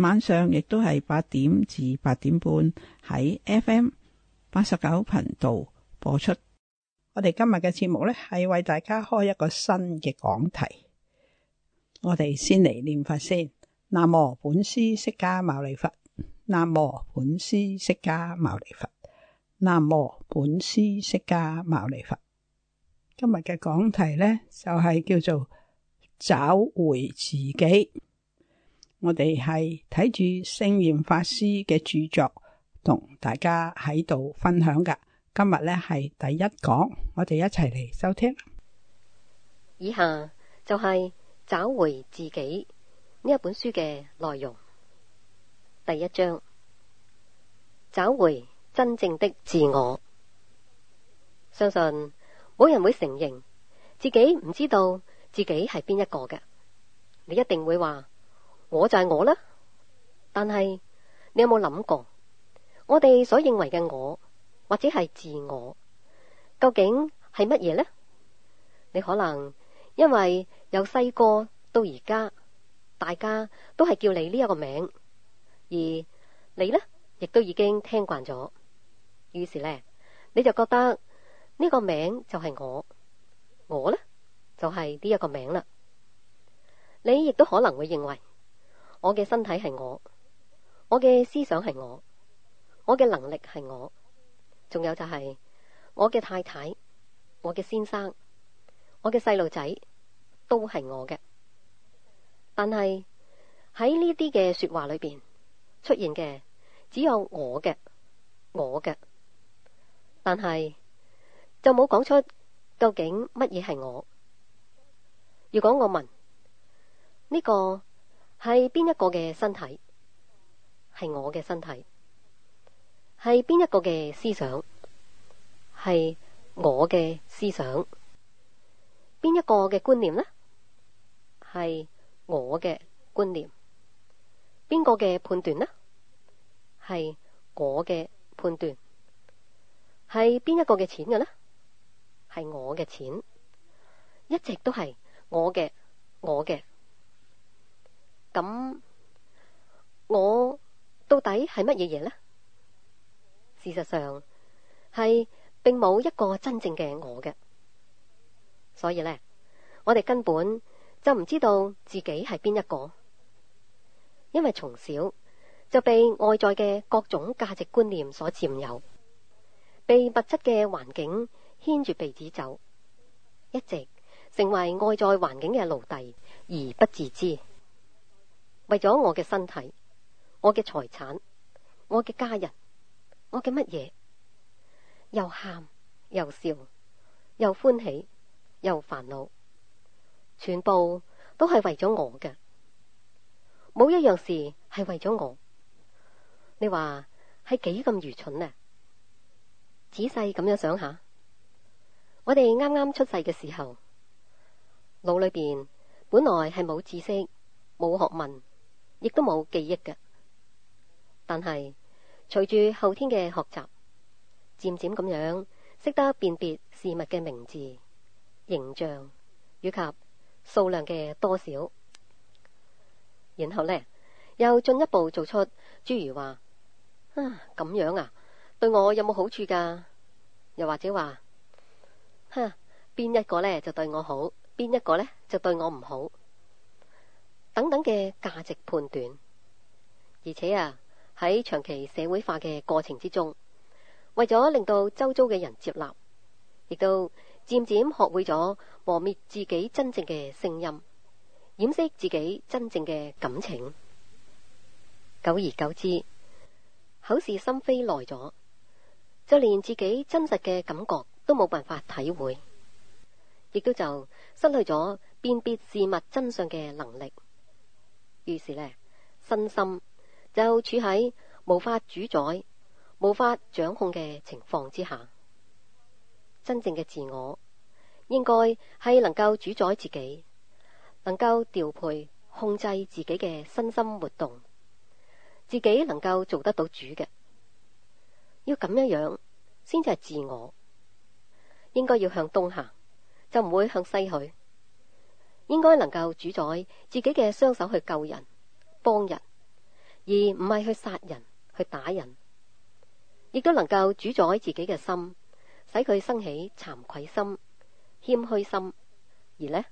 晚上亦都係八點至八點半喺 FM 八十九頻道播出。我哋今日嘅節目呢，係為大家開一個新嘅講題。我哋先嚟念佛先：南無本師釋迦牟尼佛，南無本師釋迦牟尼佛，南無本師釋迦牟尼佛。今日嘅講題呢，就係叫做找回自己。我哋係睇住聖嚴法師嘅著作，同大家喺度分享噶。今日呢係第一講，我哋一齊嚟收聽。以下就係找回自己呢一本書嘅內容。第一章：找回真正的自我。相信冇人會承認自己唔知道自己係邊一個嘅，你一定會話。我就係我啦，但係你有冇諗過，我哋所認為嘅我或者係自我，究竟係乜嘢呢？你可能因為由細個到而家，大家都係叫你呢一個名，而你呢亦都已經聽慣咗，於是呢，你就覺得呢個名就係我，我呢就係呢一個名啦。你亦都可能會認為。我嘅身體係我，我嘅思想係我，我嘅能力係我，仲有就係、是、我嘅太太、我嘅先生、我嘅細路仔都係我嘅。但係喺呢啲嘅說話裏邊出現嘅只有我嘅，我嘅，但係就冇講出究竟乜嘢係我。如果我問呢、這個？係邊一個嘅身體？係我嘅身體。係邊一個嘅思想？係我嘅思想。邊一個嘅觀念呢？係我嘅觀念。邊個嘅判斷呢？係我嘅判斷。係邊一個嘅錢嘅呢？係我嘅錢。一直都係我嘅，我嘅。咁我到底係乜嘢嘢呢？事實上係並冇一個真正嘅我嘅，所以呢，我哋根本就唔知道自己係邊一個，因為從小就被外在嘅各種價值觀念所佔有，被物質嘅環境牽住鼻子走，一直成為外在環境嘅奴隸，而不自知。為咗我嘅身體、我嘅財產、我嘅家人、我嘅乜嘢，又喊又笑又歡喜又煩惱，全部都係為咗我嘅，冇一樣事係為咗我。你話係幾咁愚蠢啊？仔細咁樣想下，我哋啱啱出世嘅時候，腦裏邊本來係冇知識、冇學問。亦都冇記憶嘅，但係隨住後天嘅學習，漸漸咁樣識得辨別事物嘅名字、形象以及數量嘅多少，然後呢，又進一步做出，諸如話啊咁樣啊，對我有冇好處噶？又或者話，哈邊一個呢就對我好，邊一個呢就對我唔好。等等嘅價值判斷，而且啊，喺長期社會化嘅過程之中，為咗令到周遭嘅人接納，亦都漸漸學會咗磨滅自己真正嘅聲音，掩飾自己真正嘅感情。久而久之，口是心非耐咗，就連自己真實嘅感覺都冇辦法體會，亦都就失去咗辨別事物真相嘅能力。於是呢，身心就處喺無法主宰、無法掌控嘅情況之下。真正嘅自我應該係能夠主宰自己，能夠調配、控制自己嘅身心活動，自己能夠做得到主嘅。要咁樣樣先至係自我，應該要向東行，就唔會向西去。應該能夠主宰自己嘅雙手去救人、幫人，而唔係去殺人、去打人，亦都能夠主宰自己嘅心，使佢生起慚愧心、謙虛心，而呢，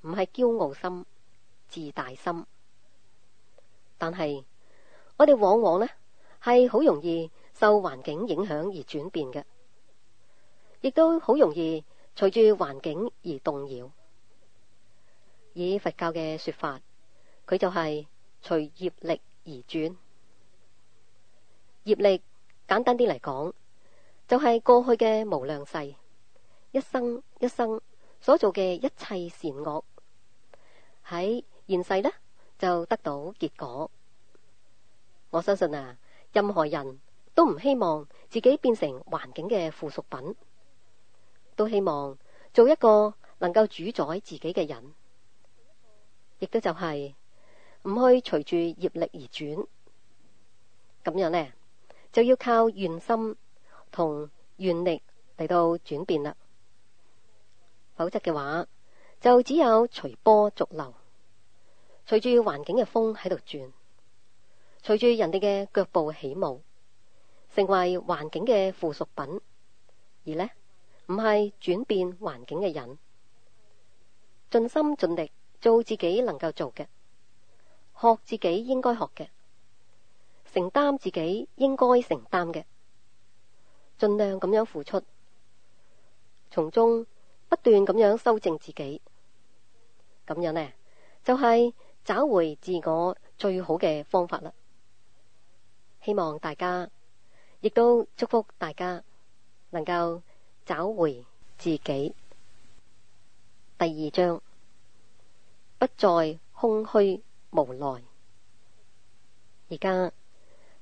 唔係驕傲心、自大心。但係我哋往往呢，係好容易受環境影響而轉變嘅，亦都好容易隨住環境而動搖。以佛教嘅說法，佢就係隨業力而轉。業力簡單啲嚟講，就係過去嘅無量世一生一生所做嘅一切善惡喺現世呢就得到結果。我相信啊，任何人都唔希望自己變成環境嘅附屬品，都希望做一個能夠主宰自己嘅人。亦都就係唔去隨住業力而轉，咁樣呢，就要靠願心同願力嚟到轉變啦。否則嘅話，就只有隨波逐流，隨住環境嘅風喺度轉，隨住人哋嘅腳步起舞，成為環境嘅附屬品，而呢，唔係轉變環境嘅人，盡心盡力。做自己能夠做嘅，學自己應該學嘅，承擔自己應該承擔嘅，盡量咁樣付出，從中不斷咁樣修正自己，咁樣呢，就係找回自我最好嘅方法啦。希望大家亦都祝福大家能夠找回自己。第二章。不再空虛無奈。而家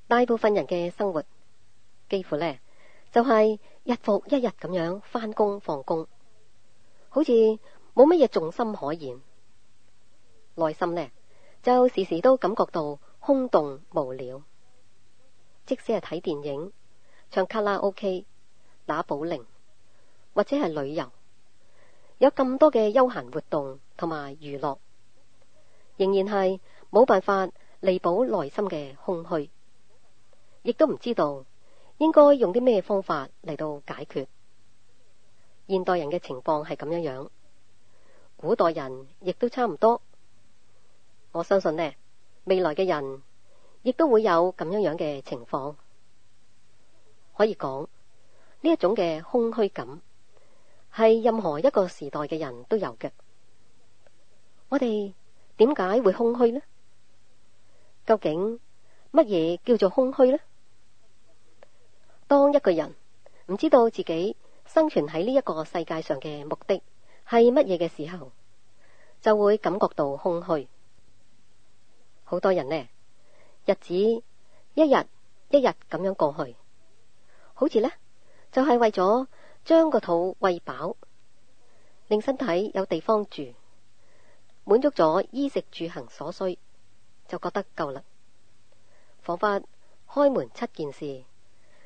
大部分人嘅生活幾乎呢，就係日復一日咁樣翻工、放工，好似冇乜嘢重心可言，內心呢，就時時都感覺到空洞無聊。即使係睇電影、唱卡拉 OK、打保齡或者係旅遊，有咁多嘅休閒活動同埋娛樂。仍然係冇辦法彌補內心嘅空虛，亦都唔知道應該用啲咩方法嚟到解決。現代人嘅情況係咁樣樣，古代人亦都差唔多。我相信呢未來嘅人亦都會有咁樣樣嘅情況。可以講呢一種嘅空虛感係任何一個時代嘅人都有嘅。我哋。點解會空虛呢？究竟乜嘢叫做空虛呢？當一個人唔知道自己生存喺呢一個世界上嘅目的係乜嘢嘅時候，就會感覺到空虛。好多人呢，日子一日一日咁樣過去，好似呢，就係為咗將個肚餵飽，令身體有地方住。滿足咗衣食住行所需，就覺得夠啦。仿佛開門七件事，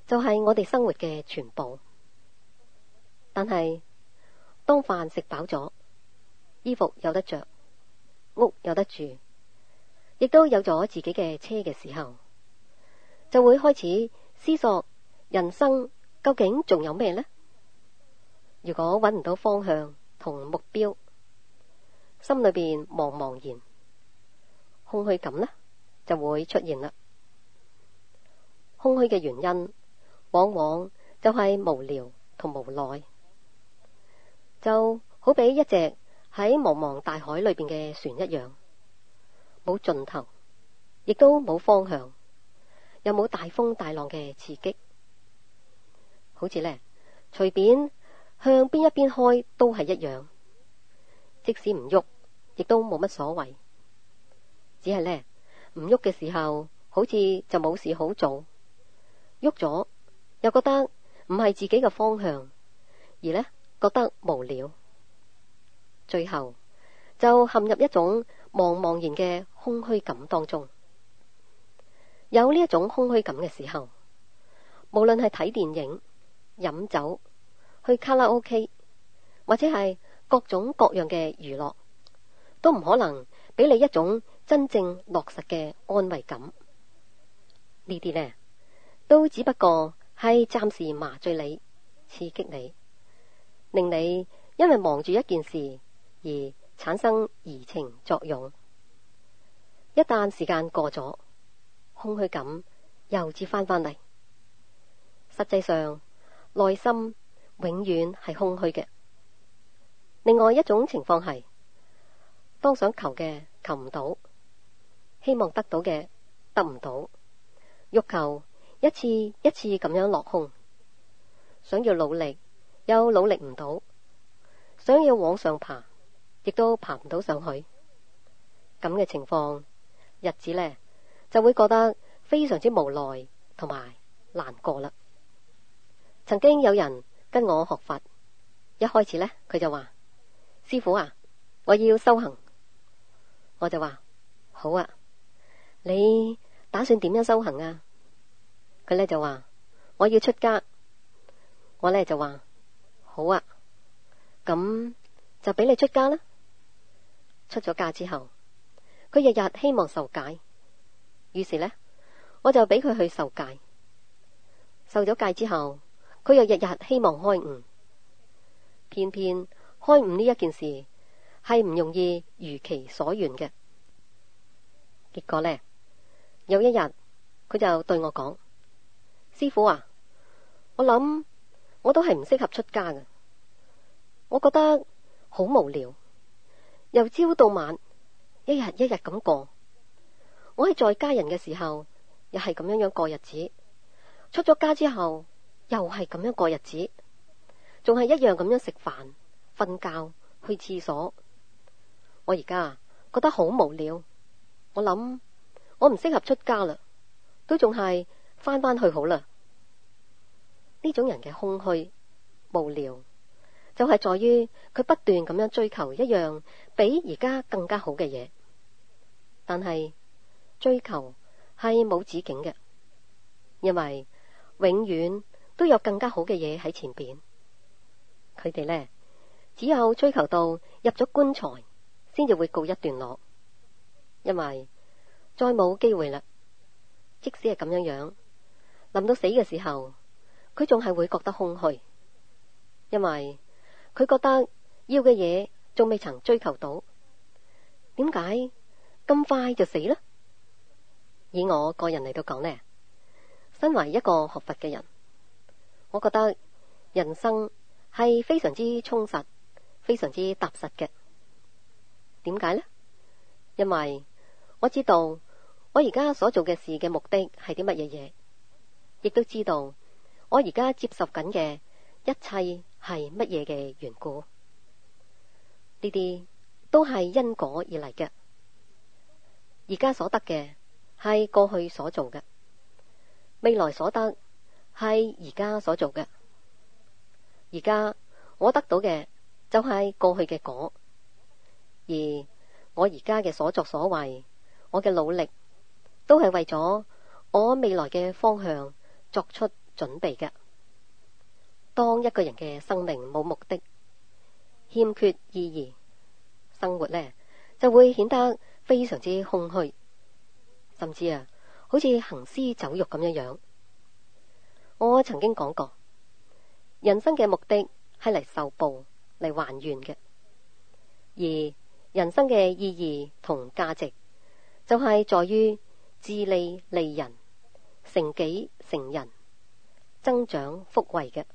就係、是、我哋生活嘅全部。但係當飯食飽咗，衣服有得着，屋有得住，亦都有咗自己嘅車嘅時候，就會開始思索人生究竟仲有咩呢？如果揾唔到方向同目標。心裏邊茫茫然，空虛感呢就會出現啦。空虛嘅原因，往往就係無聊同無奈，就好比一隻喺茫茫大海裏邊嘅船一樣，冇盡頭，亦都冇方向，又冇大風大浪嘅刺激，好似呢，隨便向邊一邊開都係一樣，即使唔喐。亦都冇乜所謂，只係呢唔喐嘅時候，好似就冇事好做；喐咗又覺得唔係自己嘅方向，而呢覺得無聊，最後就陷入一種茫茫然嘅空虛感當中。有呢一種空虛感嘅時候，無論係睇電影、飲酒、去卡拉 OK，或者係各種各樣嘅娛樂。都唔可能俾你一種真正落實嘅安慰感，呢啲呢，都只不過係暫時麻醉你、刺激你，令你因為忙住一件事而產生移情作用。一旦時間過咗，空虛感又至翻返嚟。實際上，內心永遠係空虛嘅。另外一種情況係。當想求嘅求唔到，希望得到嘅得唔到，欲求一次一次咁樣落空，想要努力又努力唔到，想要往上爬亦都爬唔到上去，咁嘅情況，日子呢就會覺得非常之無奈同埋難過啦。曾經有人跟我學佛，一開始呢，佢就話：師傅啊，我要修行。我就話好啊，你打算點樣修行啊？佢呢就話我要出家，我呢就話好啊，咁就俾你出家啦。出咗家之後，佢日日希望受戒，於是呢，我就俾佢去受戒。受咗戒之後，佢又日日希望開悟，偏偏開悟呢一件事，係唔容易如其所願嘅。結果呢，有一日佢就對我講：師父啊，我諗我都係唔適合出家嘅，我覺得好無聊，由朝到晚一日一日咁過。我喺在家人嘅時候，又係咁樣樣過日子；出咗家之後，又係咁樣過日子，仲係一樣咁樣食飯、瞓覺、去廁所。我而家啊，覺得好無聊。我諗我唔適合出家啦，都仲係翻翻去好啦。呢種人嘅空虛、無聊，就係在於佢不斷咁樣追求一樣比而家更加好嘅嘢，但係追求係冇止境嘅，因為永遠都有更加好嘅嘢喺前邊。佢哋呢，只有追求到入咗棺材。先至會告一段落，因為再冇機會啦。即使係咁樣樣，臨到死嘅時候，佢仲係會覺得空虛，因為佢覺得要嘅嘢仲未曾追求到。點解咁快就死咧？以我個人嚟到講呢，身為一個學佛嘅人，我覺得人生係非常之充實、非常之踏實嘅。點解呢？因為我知道我而家所做嘅事嘅目的係啲乜嘢嘢，亦都知道我而家接受緊嘅一切係乜嘢嘅緣故。呢啲都係因果而嚟嘅。而家所得嘅係過去所做嘅，未來所得係而家所做嘅。而家我得到嘅就係過去嘅果。而我而家嘅所作所為，我嘅努力，都係為咗我未來嘅方向作出準備嘅。當一個人嘅生命冇目的、欠缺意義，生活呢就會顯得非常之空虛，甚至啊，好似行屍走肉咁樣樣。我曾經講過，人生嘅目的係嚟受報嚟還原嘅，而。人生嘅意義同價值，就係在於自利利人，成己成人，增長福慧嘅。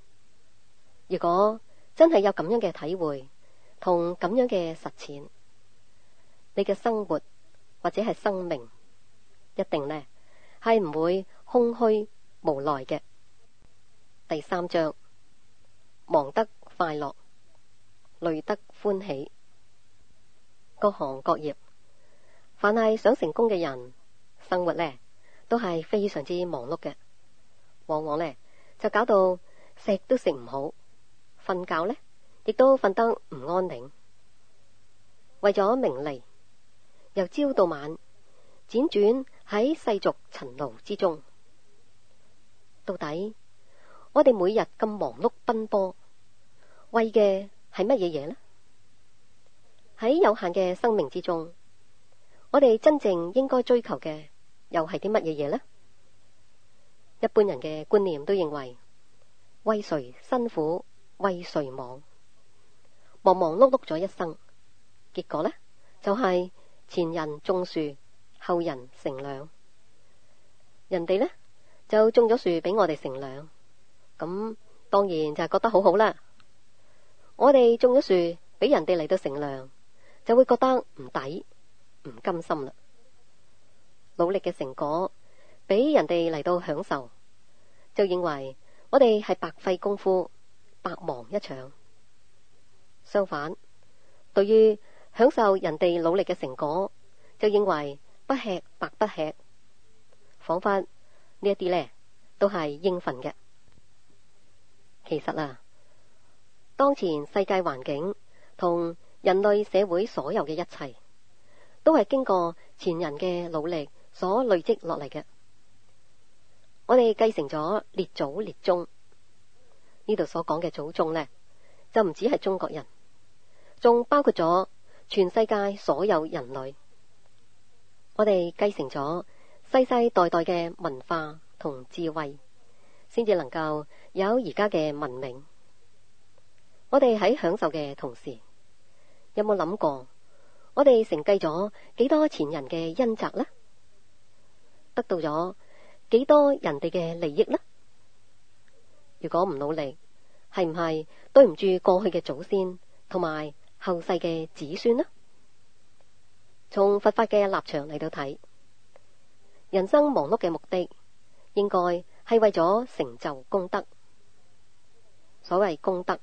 如果真係有咁樣嘅體會同咁樣嘅實踐，你嘅生活或者係生命，一定呢係唔會空虛無奈嘅。第三章，忙得快樂，累得歡喜。各行各業，凡係想成功嘅人，生活呢都係非常之忙碌嘅，往往呢，就搞到食都食唔好，瞓覺呢亦都瞓得唔安定，為咗名利，由朝到晚輾轉喺世俗塵勞之中，到底我哋每日咁忙碌奔波，為嘅係乜嘢嘢呢？喺有限嘅生命之中，我哋真正應該追求嘅又係啲乜嘢嘢呢？一般人嘅觀念都認為，為誰辛苦，為誰忙，忙忙碌碌咗一生，結果呢，就係前人種樹，後人乘涼。人哋呢，就種咗樹俾我哋乘涼，咁當然就係覺得好好啦。我哋種咗樹俾人哋嚟到乘涼。就會覺得唔抵，唔甘心啦。努力嘅成果俾人哋嚟到享受，就認為我哋係白費功夫，白忙一場。相反，對於享受人哋努力嘅成果，就認為不吃白不吃，仿佛呢一啲呢，都係應份嘅。其實啊，當前世界環境同。人類社會所有嘅一切，都係經過前人嘅努力所累積落嚟嘅。我哋繼承咗列祖列宗，呢度所講嘅祖宗呢，就唔止係中國人，仲包括咗全世界所有人類。我哋繼承咗世世代代嘅文化同智慧，先至能夠有而家嘅文明。我哋喺享受嘅同時，有冇諗過？我哋承繼咗幾多前人嘅恩澤咧？得到咗幾多人哋嘅利益咧？如果唔努力，係唔係對唔住過去嘅祖先，同埋後世嘅子孫呢？從佛法嘅立場嚟到睇，人生忙碌嘅目的，應該係為咗成就功德。所謂功德，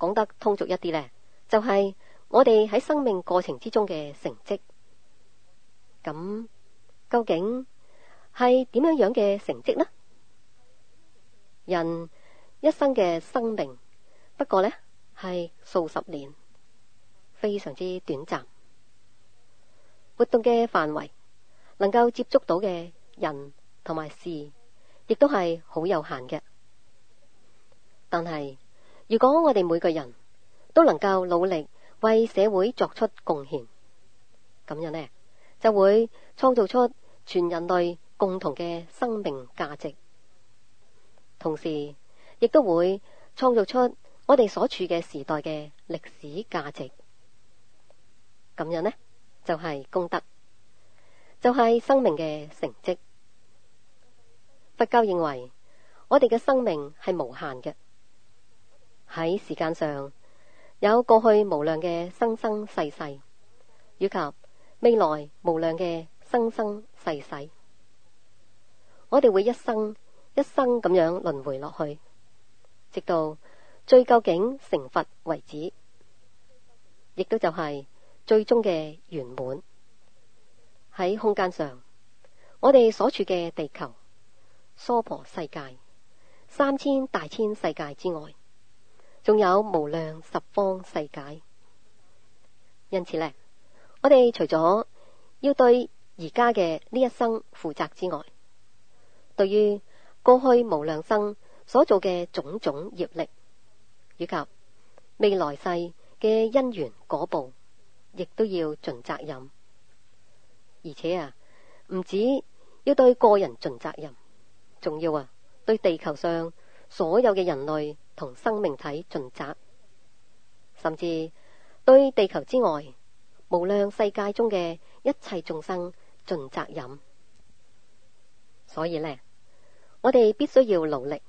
講得通俗一啲呢，就係、是。我哋喺生命過程之中嘅成績，咁究竟係點樣樣嘅成績呢？人一生嘅生命不過呢係數十年，非常之短暫。活動嘅範圍，能夠接觸到嘅人同埋事，亦都係好有限嘅。但係如果我哋每個人都能夠努力。為社會作出貢獻，咁樣呢就會創造出全人類共同嘅生命價值，同時亦都會創造出我哋所處嘅時代嘅歷史價值。咁樣呢，就係功德，就係生命嘅成績。佛教認為我哋嘅生命係無限嘅，喺時間上。有過去無量嘅生生世世，以及未來無量嘅生生世世，我哋會一生一生咁樣輪迴落去，直到最究竟成佛為止，亦都就係最終嘅圓滿。喺空間上，我哋所處嘅地球、娑婆世界、三千大千世界之外。仲有無量十方世界，因此呢，我哋除咗要對而家嘅呢一生負責之外，對於過去無量生所做嘅種種業力，以及未來世嘅因緣果報，亦都要盡責任。而且啊，唔止要對個人盡責任，仲要啊，對地球上所有嘅人類。同生命體盡責，甚至對地球之外無量世界中嘅一切眾生盡責任。所以呢，我哋必須要努力，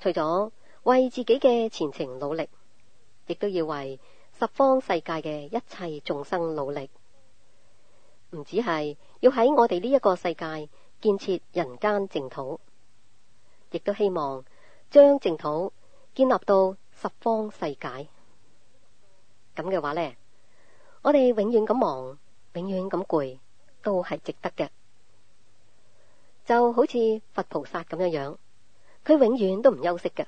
除咗為自己嘅前程努力，亦都要為十方世界嘅一切眾生努力。唔止係要喺我哋呢一個世界建設人間淨土，亦都希望將淨土。建立到十方世界，咁嘅話呢，我哋永遠咁忙，永遠咁攰，都係值得嘅。就好似佛菩薩咁樣樣，佢永遠都唔休息嘅。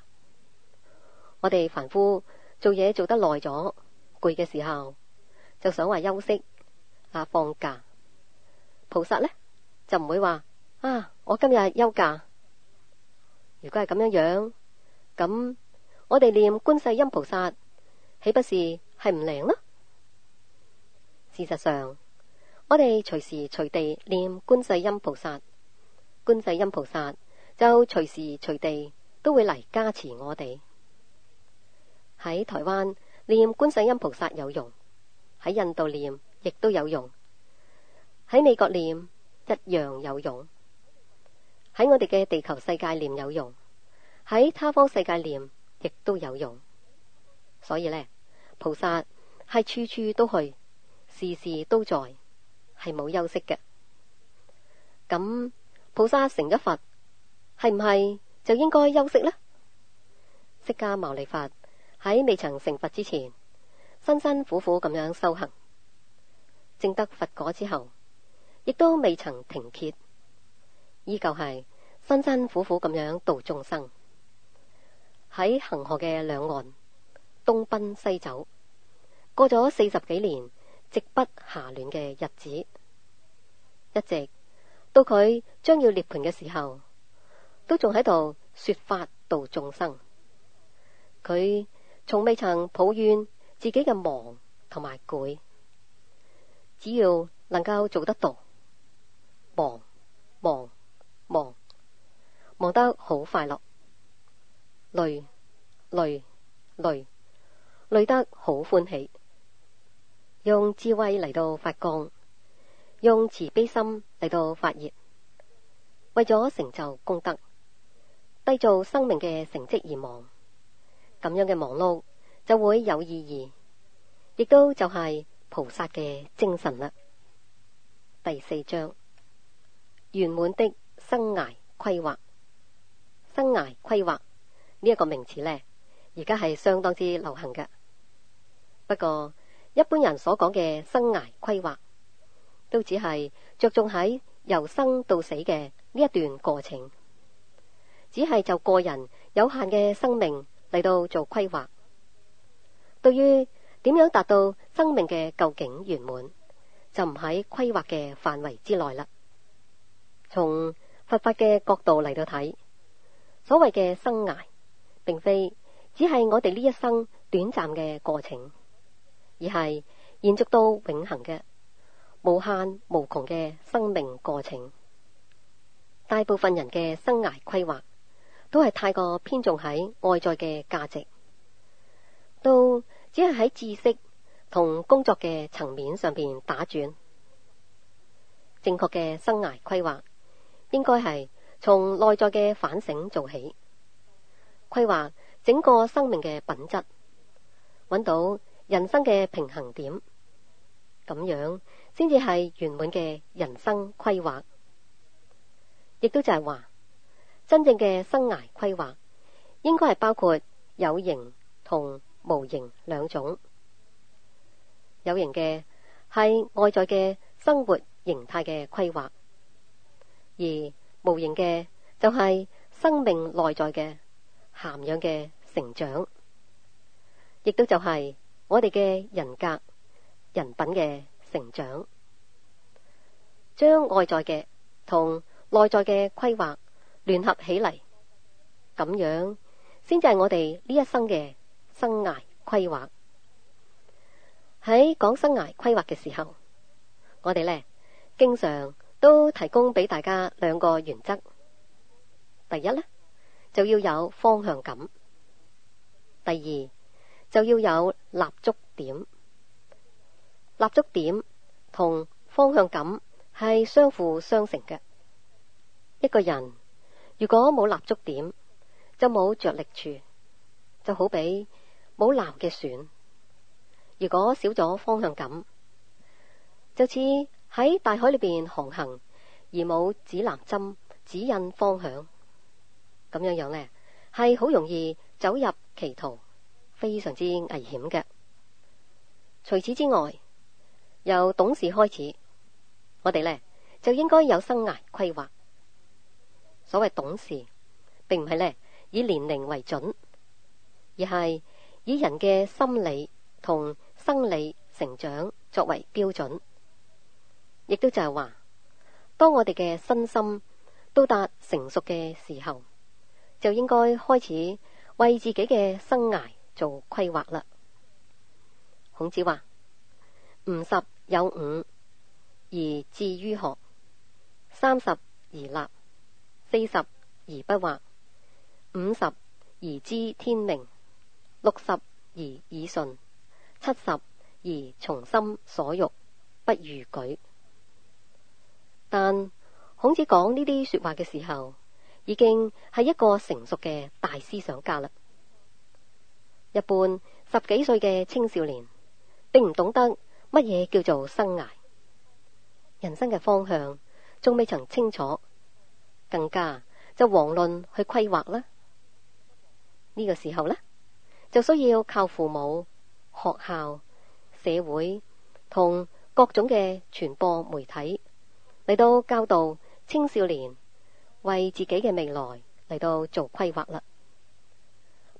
我哋凡夫做嘢做得耐咗，攰嘅時候就想話休息啊放假，菩薩呢，就唔會話啊我今日休假。如果係咁樣樣咁。我哋念觀世音菩薩，豈不是係唔靈囉？事實上，我哋隨時隨地念觀世音菩薩，觀世音菩薩就隨時隨地都會嚟加持我哋。喺台灣念觀世音菩薩有用，喺印度念亦都有用，喺美國念一樣有用，喺我哋嘅地球世界念有用，喺他方世界念，亦都有用，所以呢，菩薩係處處都去，事事都在，係冇休息嘅。咁菩薩成咗佛，係唔係就應該休息呢？釋迦牟尼佛喺未曾成佛之前，辛辛苦苦咁樣修行，證得佛果之後，亦都未曾停歇，依舊係辛辛苦苦咁樣度眾生。喺恆河嘅兩岸，東奔西走，過咗四十幾年，席不暇暖嘅日子。一直到佢將要涅槃嘅時候，都仲喺度說法度眾生。佢從未曾抱怨自己嘅忙同埋攰，只要能夠做得到，忙忙忙忙，忙得好快樂。累累累累得好歡喜，用智慧嚟到發光，用慈悲心嚟到發熱，為咗成就功德，締造生命嘅成績而忙，咁樣嘅忙碌就會有意義，亦都就係菩薩嘅精神啦。第四章，圓滿的生涯規劃，生涯規劃。呢一個名詞呢，而家係相當之流行嘅。不過一般人所講嘅生涯規劃，都只係着重喺由生到死嘅呢一段過程，只係就個人有限嘅生命嚟到做規劃。對於點樣達到生命嘅究竟圓滿，就唔喺規劃嘅範圍之內啦。從佛法嘅角度嚟到睇，所謂嘅生涯，並非只係我哋呢一生短暫嘅過程，而係延續到永恆嘅無限無窮嘅生命過程。大部分人嘅生涯規劃都係太過偏重喺外在嘅價值，都只係喺知識同工作嘅層面上邊打轉。正確嘅生涯規劃應該係從內在嘅反省做起。規劃整個生命嘅品質，揾到人生嘅平衡點，咁樣先至係圓滿嘅人生規劃。亦都就係話，真正嘅生涯規劃應該係包括有形同無形兩種。有形嘅係外在嘅生活形態嘅規劃，而無形嘅就係生命內在嘅。涵養嘅成長，亦都就係我哋嘅人格、人品嘅成長，將外在嘅同內在嘅規劃聯合起嚟，咁樣先至係我哋呢一生嘅生涯規劃。喺講生涯規劃嘅時候，我哋呢經常都提供俾大家兩個原則：第一呢。就要有方向感。第二，就要有立足點。立足點同方向感係相輔相成嘅。一個人如果冇立足點，就冇着力處，就好比冇錨嘅船。如果少咗方向感，就似喺大海裏邊航行，而冇指南針指引方向。咁樣樣呢，係好容易走入歧途，非常之危險嘅。除此之外，由懂事開始，我哋呢，就應該有生涯規劃。所謂懂事，並唔係呢以年齡為準，而係以人嘅心理同生理成長作為標準。亦都就係話，當我哋嘅身心都達成熟嘅時候。就應該開始為自己嘅生涯做規劃啦。孔子話：五十有五而志於學，三十而立，四十而不惑，五十而知天命，六十而耳順，七十而從心所欲，不逾矩。但孔子講呢啲說話嘅時候。已經係一個成熟嘅大思想家啦。一般十幾歲嘅青少年，並唔懂得乜嘢叫做生涯，人生嘅方向仲未曾清楚，更加就遑論去規劃啦。呢個時候呢，就需要靠父母、學校、社會同各種嘅傳播媒體嚟到教導青少年。為自己嘅未來嚟到做規劃啦，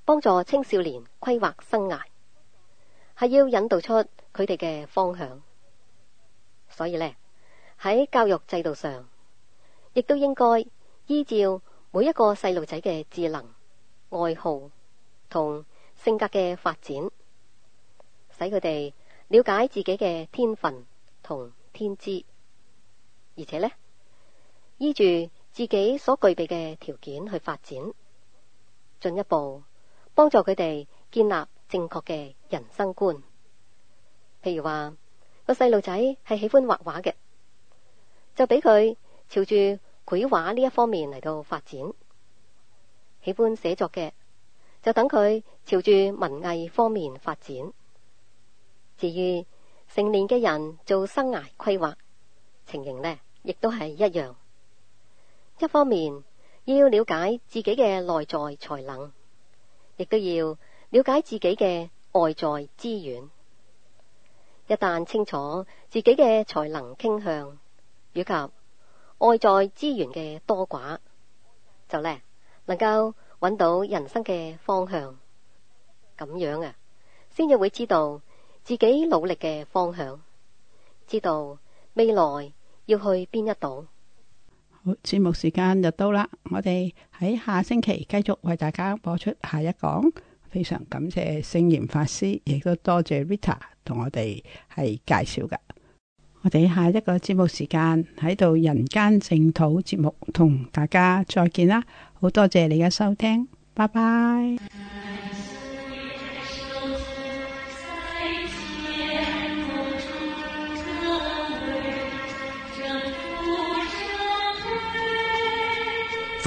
幫助青少年規劃生涯，係要引導出佢哋嘅方向。所以呢，喺教育制度上，亦都應該依照每一個細路仔嘅智能、愛好同性格嘅發展，使佢哋了解自己嘅天分同天資，而且呢，依住。自己所具備嘅條件去發展，進一步幫助佢哋建立正確嘅人生觀。譬如話個細路仔係喜歡畫畫嘅，就俾佢朝住繪畫呢一方面嚟到發展；喜歡寫作嘅，就等佢朝住文藝方面發展。至於成年嘅人做生涯規劃，情形呢亦都係一樣。一方面要了解自己嘅內在才能，亦都要了解自己嘅外在資源。一旦清楚自己嘅才能傾向以及外在資源嘅多寡，就呢能夠揾到人生嘅方向。咁樣啊，先至會知道自己努力嘅方向，知道未來要去邊一度。好，節目時間就到啦，我哋喺下星期繼續為大家播出下一講。非常感謝聖嚴法師，亦都多謝 Rita 同我哋係介紹㗎。我哋下一個節目時間喺度人間淨土節目，同大家再見啦！好多謝你嘅收聽，拜拜。